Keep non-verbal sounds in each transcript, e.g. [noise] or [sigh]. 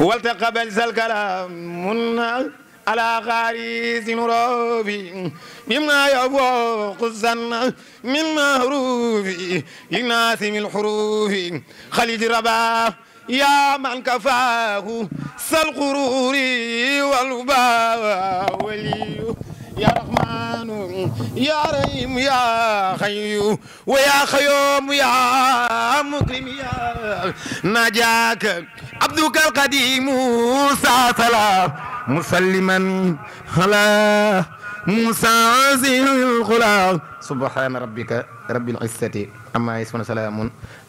والتقبل الكلام منا على خاريز نروبي مما يفوق الزن من مهروبي يناسم الحروف خليج رباه يا من كفاه سالقرور والباء ولي يا رحمن يا رحيم يا خيو ويا خيوم يا مكرم يا نجاك عبدك القديم سلام مسلما على موسى زين الغلام سبحان ربك رب العزة أما يسمون سلام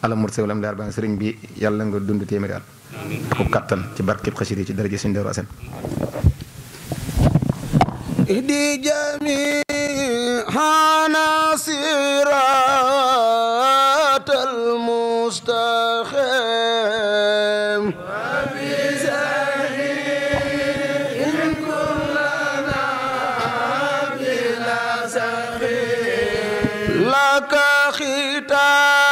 على مرسل ولم دار بان سرين بي يالا nga dund téméral ko kattan ci barkib xassidi ci daraja sin dawra sen اهدي جميعنا صراط المستقيم وبزهير كلنا بلا سخيم لك ختام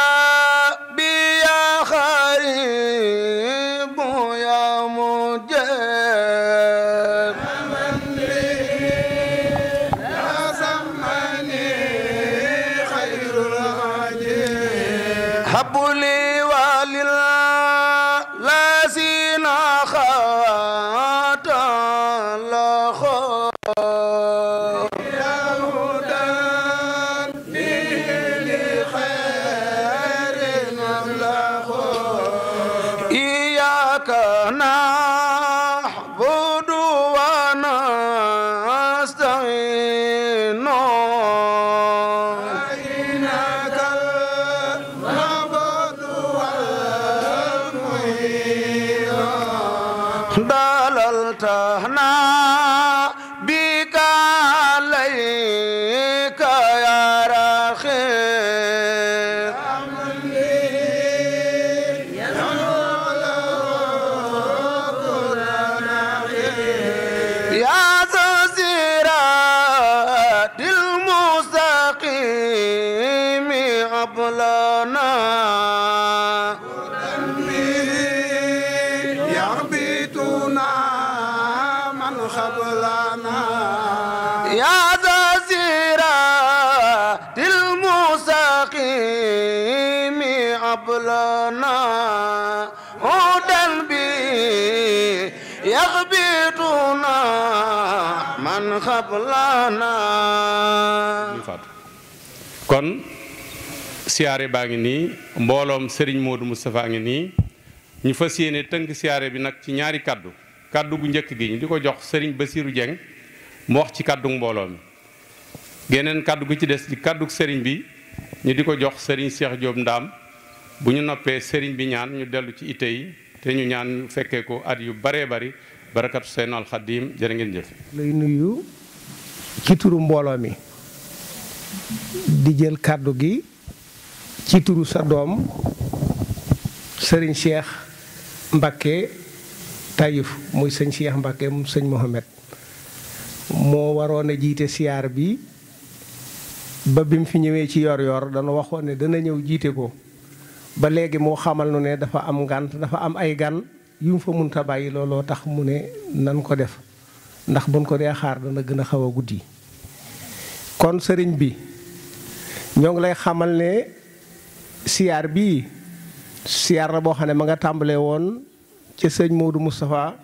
man xablana kon siyaare baa ngi nii mbooloom Serigne Modou Moustapha ngi nii ñu fas yéene tënk siyaare bi nag ci ñaari kàddu kàddu gu njëkk gi ñu di ko jox Serigne Bassirou Dieng mu wax ci kaddu mbooloo mi geneen kàddu gu ci des di kaddu sëriñ bi ñu di ko jox sëriñ seex Diop ndam bu ñu noppee sëriñ bi ñaan ñu dellu ci ite yi te ñu ñaan fekkee ko at yu baree bari barakatu Seynal lay nuyu ci turu mbooloo mi di jël kàddu gi ci turu sa doom sëriñ Cheikh Mbacké Taïf muy sëñ Cheikh Mbacké mu sëñ Mohamed moo waroon a jiite siyaar bi ba bi mu fi ñëwee ci yor-yor dana waxoon ne dana ñëw jiite ko ba léegi moo xamal nu ne dafa am ngànt dafa am ay gan. yu mu fa munta bàyyi looloo tax mu ne nan ko def ndax buñ ko dee xaar dana gën a xaw a guddi kon sëriñ bi ñoo ngi lay xamal ne siyaar bii siyaar la boo xam ne ma nga tàmbalee woon ca sëñ Modou Moustapha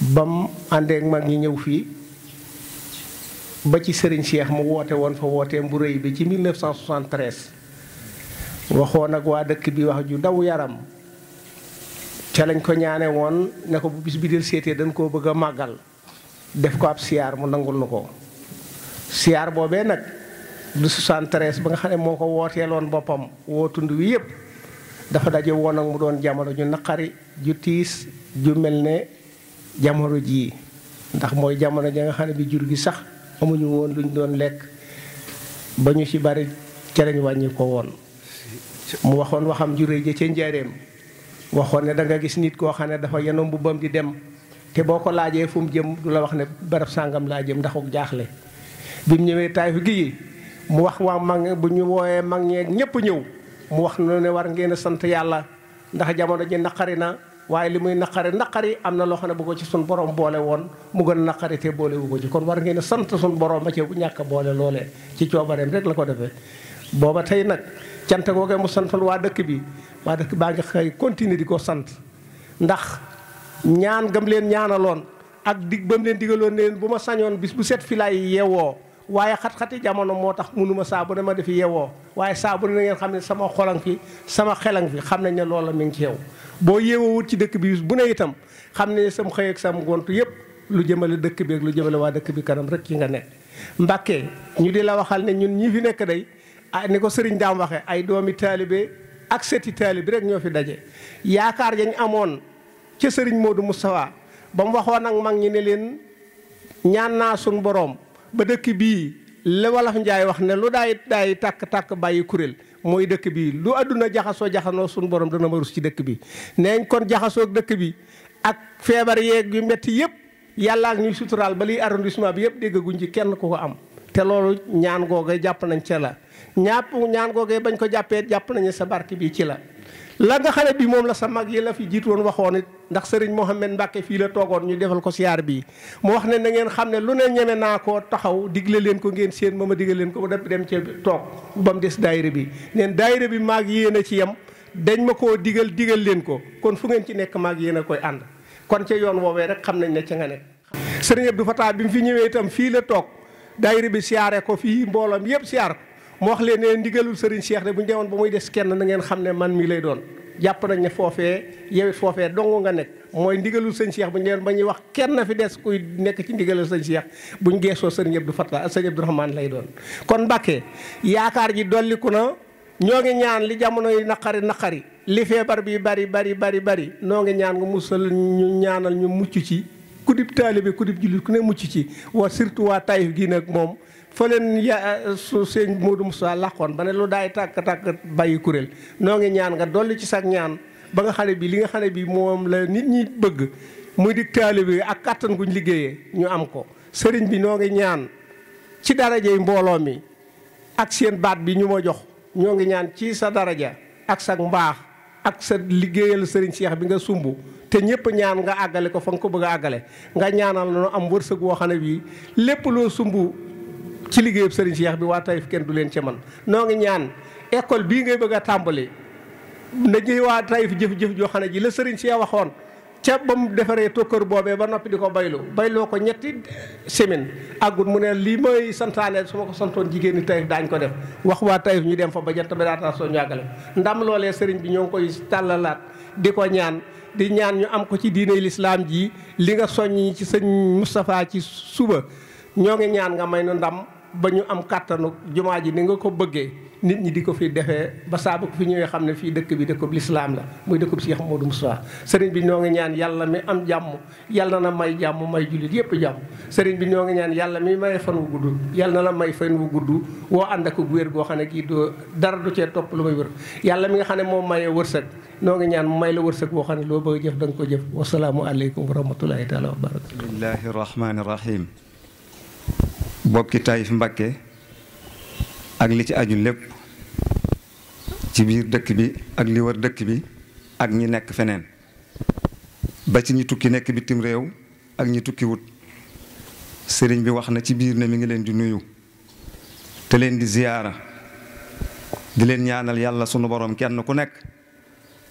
bam àndee mag ñi ñëw fii ba ci sëriñ Cheikh mu woote woon fa wooteem bu rëy bi ci 1973 waxoon ak waa dëkk bi wax ju daw yaram ca lañ ko ñaane woon ne ko bu bis bi del seetee dañ koo bëgg a màggal def ko ab siyaar mu nangul nu ko siyaar boobee nag du ba nga xam ne moo ko wooteeloon boppam woo tund wi yëpp dafa daje woon ak mu doon jamono ju naqari ju tiis ju mel ne jamono jii ndax mooy jamono ja nga xam ne bi jur gi sax amuñu woon luñ doon lekk ba ñu ci bari ca lañ wàññi ko woon mu waxoon waxam ju rëy ja ca njaareem waxoon ne danga gis nit koo xam ne dafa yenoom bu bam di dem te boo ko laajee fu mu jëm du la wax ne barab sàngam laa jëm ndax ak jaaxle bi mu ñëwee taay fi gi mu wax waa mag bu ñu wooyee mag ñeeg ñëpp ñëw mu wax na ne war ngeen sant yàlla ndax jamono ji naqari na waaye li muy naqari naqari am na loo xam ne bu ko ci sun borom boole woon mu gën a naqari te boolewu ko ci kon war ngeen sant sun borom a ci bu ñàkk boole loole ci coobareem rek la ko defee booba tey nag cante cant googee mu santoon waa dëkk bi waa dëkk baa ngi xëy continuer di ko sant ndax ñaan gam leen ñaanaloon ak dig bam leen digaloon leen bu ma sañoon bis bu set fi laay yeewoo waaye xat-xati jamono moo tax munuma saa bu ne ma defi yeewoo waaye saa bu ne ngeen xam ne sama xolan fi sama xelan fi xam nañ ne loola mi ngi ci yow boo yeewoowut ci dëkk bi bu ne itam xam ne sam xëy ak sam ngont yépp lu jëmale dëkk bi ak lu jëmale waa dëkk bi kanam rek ci nga nekk Mbàkke ñu di la waxal ñun ñi fi nekk day ay ni ko sëriñ mu waxe ay doomi taalibe ak seti taalibe rek ñoo fi daje yaakaar yañ amoon ca sëriñ Modou Moustapha ba mu waxoon nag mag ñi ne leen ñaan naa suñ boroom ba dëkk bii la wolof njaay wax ne lu daay daay tàkk-tàkk bàyyi kuréel mooy dëkk bi lu àdduna jaxasoo jaxanoo suñu borom dana ma ci dëkk bi neeñ kon jaxasoo dëkk bi ak feebar yeeg yu metti yëpp yàlla ak ñuy suturaal ba liy arrondissement bi yëpp déggaguñ ci kenn ku ko am te loolu ñaan googa jàpp nañ ca ñàpp ñaan googee bañ ko jàppee jàpp nañu sa barke bii ci la la nga xale bi moom la sa mag yi la fi jiit woon waxoon it ndax sëriñ Mouhamed Mbacke fii la toogoon ñu defal ko siyaar bii mu wax ne na ngeen xam ne lu ne ñeme naa koo taxaw digle leen ko ngeen seen ma ma digle leen ko ba dem ci toog ba mu des daayira bi neen daayira bi maag yéen a ci yem dañ ma ko digal digal leen ko kon fu ngeen ci nekk maag yéen a koy ànd kon ca yoon woowee rek xam nañ ne ca nga nekk sëriñ Abdou Fatah bi mu fi ñëwee itam fii la toog daayira bi siyaare ko fii mbooloom yëpp siyaar ko mu wax leen ne ndigalul Serigne Cheikh de bu ñu demoon ba muy des kenn na ngeen xam ne man mii lay doon jàpp nañ ne foofee yow it foofee dong nga nekk mooy ndigalul sëñ Cheikh bu ñu demoon ba ñuy wax kenn fi des kuy nekk ci ndigalul sëñ Cheikh bu ñu geesoo sëriñ Abdou Fatah sëriñ Abdou Rahman lay doon. kon Mbàkke yaakaar ji dolliku na ñoo ngi ñaan li jamono yi naqari naqari li feebar bi bari bari bari bari noo ngi ñaan nga musal ñu ñaanal ñu mucc ci kudib taalibe kudib jullit ku ne mucc ci wa surtout waa Taïf gi nag moom. fa leen ya su sëñ Modou Moussa làqoon ba ne lu daay tàkk-tàkk bàyyi kuréel noo ngi ñaan nga dolli ci sag ñaan ba nga xam ne bi li nga xam ne bi moom la nit ñi bëgg muy di taali bi ak kàttan guñ liggéeyee ñu am ko sëriñ bi noo ngi ñaan ci darajey mbooloo mi ak seen baat bi ñu ma jox ñoo ngi ñaan ci sa daraja ak sa mbaax ak sa liggéeyal sëriñ Cheikh bi nga sumb te ñëpp ñaan nga àggale ko fa nga ko bëgg àggale nga ñaanal nu am wërsëg woo xam ne lépp loo ci liggéeyub sëriñ Cheikh bi waa Taïf kenn du leen ci man noo ngi ñaan école bii ngay bëgg a tàmbali na ñuy waa Taïf jëf joo xam ne ji la sëriñ Cheikh waxoon ca ba mu defaree tokkër boobee ba noppi di ko baylu bayloo ko ñetti semaine àggut mu ne lii mooy santaane su ma ko santoon jigéen ñi Taïf daañ ko def wax waa Taïf ñu dem fa ba jant ba daataa soo ñu àggale ndam loolee sëriñ bi ñoo ngi koy tàllalaat di ko ñaan di ñaan ñu am ko ci diine lislaam jii li nga soññi ci sëñ Moustapha ci suba ñoo ngi ñaan nga may nu ndam ba ñu am kàttanu jumaa ji ni nga ko bëggee nit ñi di ko fi defee ba saabu ko fi ñëwee xam ne fii dëkk bi dëkkub lislaam la muy dëkkub Cheikh Modou Moussa sëriñ bi ñoo ngi ñaan yàlla mi am jàmm yàlla na may jàmm may jullit yépp jàmm sëriñ bi ñoo ngi ñaan yàlla mi may fan wu gudd yàlla na la may fan wu gudd woo ànd ak wér goo xam ne kii doo dara du cee topp lu may wër yàlla mi nga xam ne moo mayee wërsëg noo ngi ñaan may la wërsëg boo xam ne loo bëgg jëf da nga ko jëf wasalaamu aleykum wa rahmatulahi taala wa barakatu bismillahi rahmaani bokki Taïf Mbacké ak li ci aju lépp ci biir dëkk bi ak li wër dëkk bi ak ñi nekk feneen ba ci ñi tukki nekk bitim réew ak ñi tukki wut sëriñ bi wax na ci biir ne mi ngi leen di nuyu te leen di ziyaara di leen ñaanal yàlla sunu boroom kenn ku nekk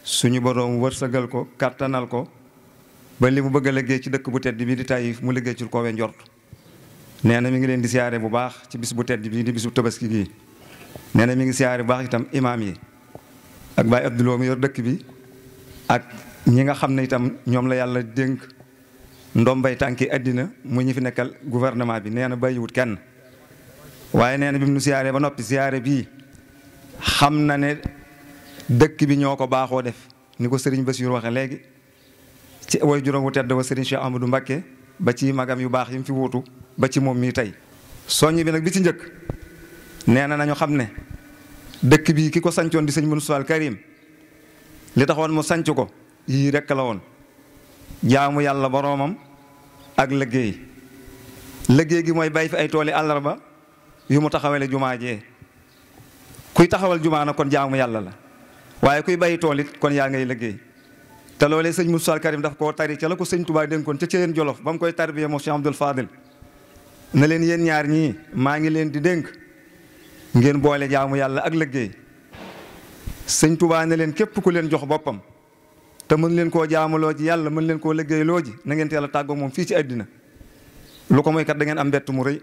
suñu boroom wërsëgal ko kàttanal ko ba li mu bëgg a liggéey ci dëkk bu tedd bi di Taïf mu liggéey ci ko we njort nee na mi ngi leen di siyaare bu baax ci bis bu tedd bii di bis bu tabaski gii nee na mi ngi siyaare bu baax itam imaam yi ak Baye Abdouloo mi yor dëkk bi ak ñi nga xam ne itam ñoom la yàlla dénk ndombay tànki àddina mu ñi fi nekkal gouvernement bi nee na bàyyiwut kenn waaye nee na bi mu nu siyaaree ba noppi siyaare bii xam na ne dëkk bi ñoo ko baaxoo def ni ko sëriñ Bassirou waxe léegi ci way juróom wu tedd wa sëriñ Cheikh Amadou mbak ba ci magam yu baax yi mu fi wutu ba ci moom mii tey soññ bi nag bi ci njëkk nee na nañu xam ne dëkk bi ki ko sancoon di sëñ Moussa al Karim li taxoon mu sañc ko yii rekk la woon jaamu yàlla boroomam ak liggéey liggéey gi mooy bay fi ay tooli àllarba yu mu taxawale jumaa jee kuy taxawal jumaa na kon jaamu yàlla la waaye kuy bay toolit kon yaa ngay liggéey te loolee sëñ Moussa Karim daf koo tari ca la ko sëñ Touba dénkoon ca Ceyeen Jolof ba mu koy tarbiya moom Cheikh Abdoul Fadil na leen yéen ñaar ñii maa ngi leen di dénk ngeen boole jaamu yàlla ak liggéey sëñ Touba ne leen képp ku leen jox boppam te mën leen koo jaamuloo ji yàlla mën leen koo liggéeyloo ji na ngeen teel a tàggoo moom fii ci àddina lu ko mooy kat da ngeen am bett mu rëy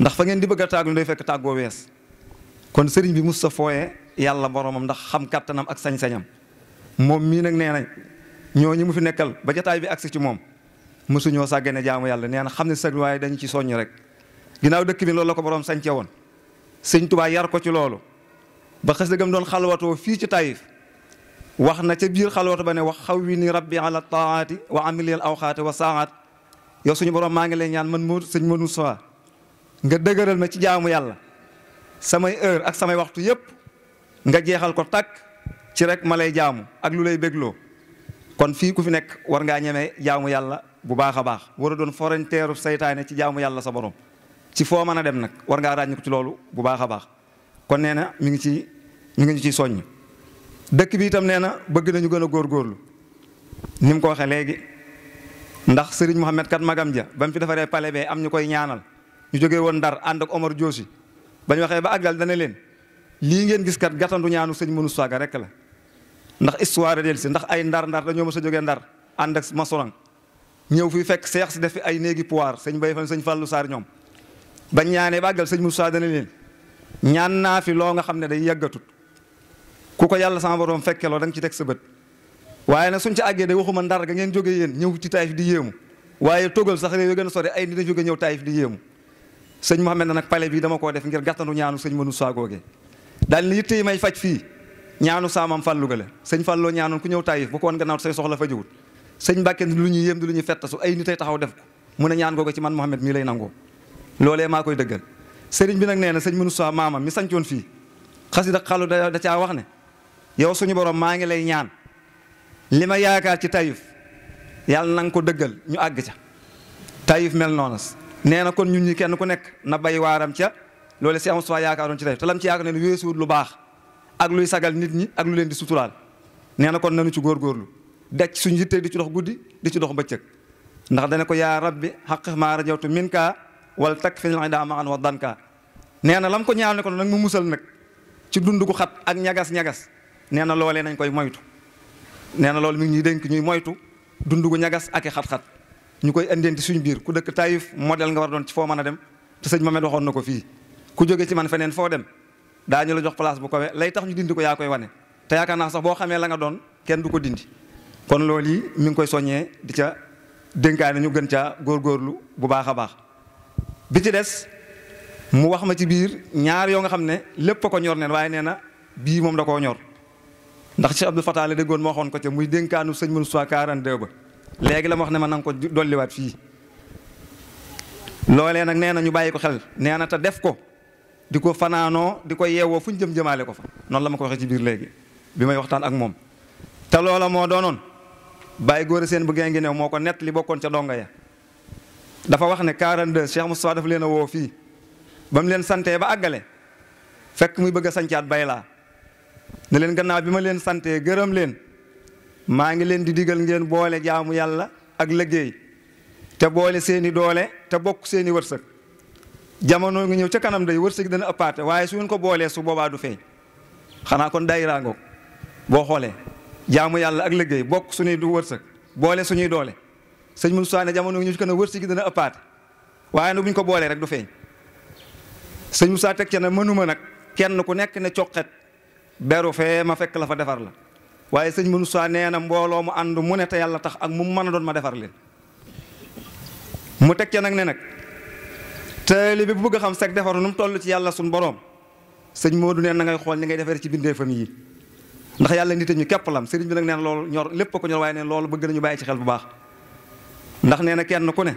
ndax fa ngeen di bëgg a tàggu fekk tàggoo wees kon sëriñ bi mos sa fooyee yàlla boromam ndax xam kattanam ak sañ-sañam. moom mii nag nee nañ ñooñu mu fi nekkal ba jataay bi agsi ci moom mësuñoo sàggane jaamu yàlla nee na xam ne sag waaye dañu ci soññ rek ginnaaw dëkk bi loolu la ko boroom sañce woon sëñ Tuubaa yar ko ci loolu ba xës dëggam doon xalwatoo fii ci Taïf wax na ca biir xalwatu ba ne wax xaw wi ni rabbi wax taati leen aw awxaati wa saat yow suñu borom maa ngi lay ñaan man moo sëñ Modou Sowa nga dëgëral ma ci jaamu yàlla samay heure ak samay waxtu yépp nga jeexal ko tàkk ci rek ma lay jaamu ak lu lay bégloo kon fii ku fi nekk war ngaa ñemee jaamu yàlla bu baax a baax war a doon teeru seytaane ci jaamu yàlla sa borom ci foo mën a dem nag war ngaa ràññi ci loolu bu baax a baax kon nee na mi ngi ci mi ngi ñu ciy soññ dëkk bi itam nee na bëgg nañu gën a góorgóorlu ni mu ko waxee léegi ndax Serigne Mohamed kat magam ja ba mu fi defaree pale bee am ñu koy ñaanal ñu jógee woon Ndar ànd ak Omar Diosi ba ñu waxee ba àggal dana leen lii ngeen gis kat gàttandu ñaanu sëñ Moussa Ka rek la. ndax histoire del si ndax ay ndar ndar dañoo mës a jógee ndar ànd ak masoran ñëw fi fekk seex si def fi ay néegi puwaar sëñ bay fan sëñ fàllu saar ñoom ba ñaanee bàggal sëñ Moussa dana leen ñaan naa fi loo nga xam ne day yàggatut ku ko yàlla sama borom fekke loo da nga ci teg sa bët waaye nag suñ ci àggee day waxuma ndar ga ngeen jógee yéen ñëw ci taayif di yéemu waaye togal sax réew yi gën a sore jóge ñëw taayif di yéemu sëñ na nag pale bi dama koo def ngir gàttandu ñaanu sëñ Moussa googee daal ni yitte yi may ñaanu saamam fàllu ga la sëñ fàlloo ñaanoon ku ñëw taayif bu ko woon gannaaw say soxla fa jiwut sëñ Mbàkke lu ñuy yéem di lu ñuy fettasu ay nitay taxaw def ko mu ne ñaan googu ci man Mouhamed mii lay nangoo loolee maa koy dëggal sëriñ bi nag nee na sëñ Moussa maamam mi sancoon fii xasida xalu da da caa wax ne yow suñu borom maa ngi lay ñaan li ma yaakaar ci tayif yàlla na nga ko dëggal ñu àgg ca tayif mel noonas nee na kon ñun ñi kenn ku nekk na bay waaram ca loole si am soi yaakaaroon ci tayif te lam ci yaakaar ne weesuwut lu baax ak luy sagal nit ñi ak lu leen di suturaal nee na kon nanu ci góor góorlu daj suñ yittee di ci dox guddi di ci dox bëccëg ndax dana ko yaa rabbi xaq maa rajawtu min kaa wala takk fi ñu daa ma an nee na lam ko ñaan ne ko nag mu musal nag ci dund gu xat ak ñagas-ñagas nee na loolee nañ koy moytu nee na loolu mi ngi ñuy dénk ñuy moytu dund gu ñagas ak i xat-xat ñu koy andeen ci suñ biir ku dëkk Taïf modèle nga war doon ci foo mën a dem te sëñ Mamed waxoon na ko fii ku jóge ci man feneen foo dem daañu la jox place bu kawe lay tax ñu dindi ko yaa koy wane te yaakaar naa sax boo xamee la nga doon kenn du ko dindi kon loolu yi mi ngi koy soññee di ca dénkaane ñu gën góor góorlu bu baax a baax bi ci des mu wax ma ci biir ñaar yoo nga xam ne lépp a ko ñor neen waaye nee na bii moom da koo ñor ndax Cheikh Abdou Fatah la déggoon waxoon ko ca muy dénkaanu sëñ Moussa 42 ba léegi la mu wax ne ma na nga ko dolliwaat fii loolee nag nee na ñu bàyyi ko xel nee na te def ko di ko fanaanoo di ko yeewoo fu ñu jëm jëmaale ko fa noonu la ma ko waxee ci biir léegi bi may waxtaan ak moom te loola moo doonoon bàyyi góor seen bu ngi new moo ko nett li bokkoon ca donga ya dafa wax ne 42 Cheikh Moustapha dafa leen a woo fii ba mu leen santee ba àggale fekk muy bëgg a sancaat bay laa ne leen gannaaw bi ma leen santee gërëm leen maa ngi leen di diggal ngeen boole jaamu yàlla ak liggéey te boole seeni doole te bokk seeni wërsëg jamono nga ñëw ca kanam day wërsëg dana ëppaate waaye su ngeen ko boolee su boobaa du feeñ xanaa kon daayira ngoog boo xoolee jaamu yàlla ak liggéey bokk suñuy du wërsëg boole suñuy doole sëñ Moussa ne jamono nga ñëw ci kanam wërsëg dana ëppaate waaye nag bu ko boolee rek du feeñ sëñ Moussa teg ca ne mënuma nag kenn ku nekk ne coqet beru fee ma fekk la fa defar la waaye sëñ Moussa nee na mbooloo mu ànd mu ne te yàlla tax ak mu mën a doon ma defar leen mu teg ca nag ne nag. taalibe bu bëgg xam sag defaru nu mu toll ci yàlla suñu boroom sëñ Modou nee na ngay xool ni ngay defaree ci bindeefam yi ndax yàlla nit ñu képp lam sëriñ bi nag neen loolu ñor lépp ko ñor waaye ne lool bëgg nañu bàyyi ci xel bu baax ndax nee na kenn ku ne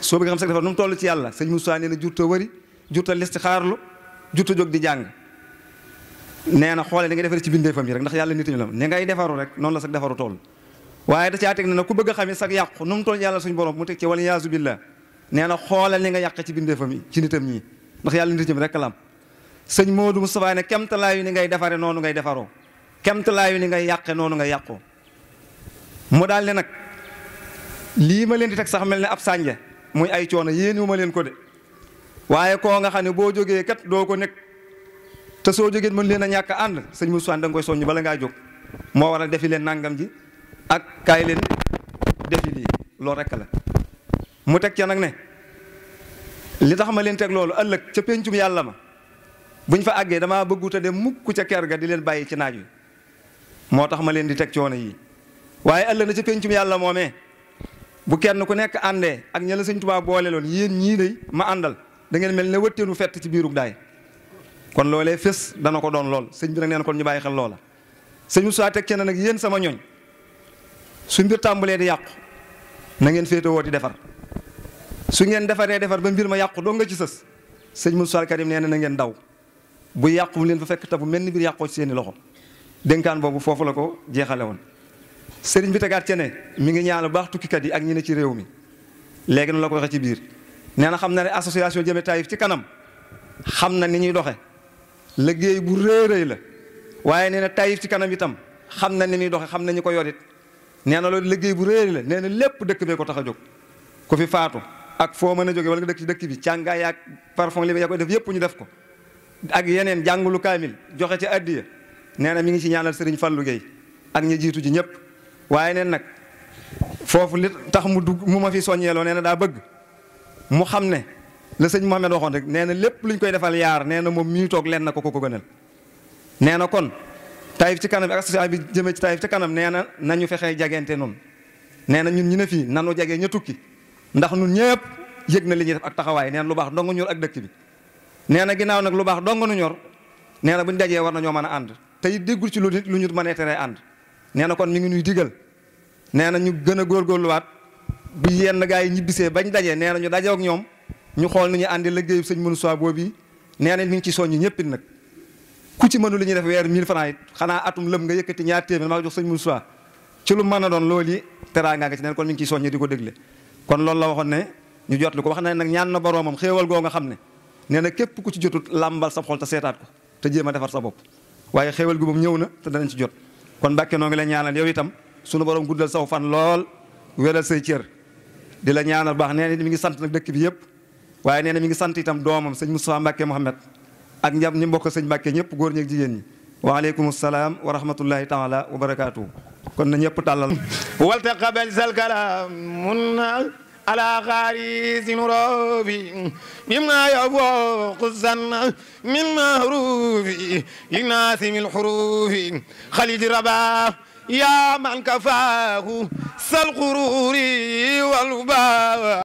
soo bëgg xam sag defar nu mu toll ci yàlla sëñ Moussa nee na jurta wëri jurta listixaarlu jurta jóg di jàng nee na xoolee ni ngay defaree ci bindeefam yi rek ndax ngay defaru rek noonu la sag defaru toll waaye da caa teg ne na ku bëgg a sag yàqu nu mu toll yàlla suñu borom mu teg ci wala yaasu billah nee na xoolal li nga yàq ci bindeefam yi ci nitam ñii ndax yàlla nit ñi rek lam sëñ Modou Moustapha ne kemtalaayu ni ngay defare noonu ngay defaroo kemtalaayu ni ngay yàqe noonu nga yàqoo mu daal ne nag lii ma leen di teg sax mel ne ab sànje muy ay coono yéen wu leen ko de waaye koo nga xam ne boo jógee kat doo ko nekk te soo jógee mën leen a ñàkk ànd sëñ Moustapha da nga koy soññ bala ngaa jóg moo waral defi leen nangam ji ak kaay leen defi lii loolu rek la mu teg ca nag ne li tax ma leen teg loolu ëllëg ca péncum yàlla ma buñ fa àggee damaa bëggut a dem mukk ca ker ga di leen bàyyi ci naaj wi moo tax ma leen di teg coono yi waaye ëllëg na ca péncum yàlla moomee bu kenn ku nekk àndee ak ña la sëñ Tuubaa boole loon yéen ñii day ma àndal da ngeen mel ne wëtteenu fett ci biirug daay kon loolee fés dana ko doon lool sëñ bi nag neen kon ñu bàyyi xel loola sëñ saa teg na nag yéen sama ñooñ su mbir tàmbalee di yàqu na ngeen féete di defar su ngeen defaree defar ba mbir ma yàqu doo nga ci sës sëñ Moussa Karim nee na na ngeen daw bu yàqu leen fa fekk te bu mel ni mbir yàqoo ci seeni loxo dénkaan boobu foofu la ko jeexale woon. sëriñ bi tegaat cene ne mi ngi ñaan bu baax tukkikat yi ak ñi ne ci réew mi léegi noonu la ko waxee ci biir nee xam na ne association Jëme Taïf ci kanam xam na ni ñuy doxe liggéey bu rëy rëy la waaye nee na Taïf ci kanam itam xam na ni muy doxe xam na ñu ko yorit nee loolu liggéey bu rëy la nee na lépp dëkk bee ko tax a jóg ku fi faatu. ak foo mën a jóge wala nga dëkk ci dëkk bi càngaay ak parfum li yaa koy def yépp ñu def ko ak yeneen jàngulu kaamil joxe ci àddi nee na mi ngi ci ñaanal sëriñ Fallou Gueye ak ñi jiitu ji ñëpp waaye neen nag foofu li tax mu dugg mu ma fi soññeeloo nee na daa bëgg mu xam ne la sëñ Mouhamed waxoon rek nee na lépp luñ koy defal yaar nee na moom mii toog leen na ko ko ko gënal nee na kon Taïf ci kanam ak association bi jëmee ci Taïf ci kanam nee na nañu fexe jagente noonu nee na ñun ñu ne fii nanu jagee ña tukki ndax ñun ñëpp yëg na li ñuy def ak taxawaay nee lu baax dong ñor ak dëkk bi nee na ginnaaw nag lu baax dong nu ñor nee na bu dajee war nañoo mën a ànd te it ci lu nit lu ñu mën a teree ànd nee kon mi ngi nuy digal nee na ñu gën a góorgóorluwaat bu yenn gaa yi ñibbisee bañ dajee nee na ñu dajee ak ñoom ñu xool nu ñu àndi liggéeyu sëñ mënu soi boobu nee na mi ngi ci soññi ñëpp it nag ku ci mënu li ñuy def weer 1000 francs xanaa atum lëm nga yëkkati ñaar téeméer maa jox sëñ mënu soi ci lu a doon loolu yi teraanga nga kon mi ngi ciy soññi di ko dégle kon loolu la waxoon ne ñu jotlu ko wax na nag ñaan na boroomam xéewal goo nga xam ne nee na képp ku ci jotut làmbal sa xol te seetaat ko te jéem a defar sa bopp waaye xéewal gi moom ñëw na te danañ ci jot kon Mbàkke noo ngi la ñaanal yow itam sunu borom guddal saw fan lool wéral say cër di la ñaanal baax nee mi ngi sant nag dëkk bi yëpp waaye nee na mi ngi sant itam doomam sëñ Moustapha Mbàkke Mohamed ak njam ñi mbokk sañ Mbàkke ñëpp góor ñeeg jigéen ñi waaleykum salaam wa rahmatullahi taala wa barakaatu. kon na ñëpp tàllal [laughs] walta qabal sal kalaam mun na ala xaari si nuróobi min ma yaboo xusan min ma ruufi linaasi min xuruufi xalid rabaa yaa man kafaahu sal xuruuri wal baa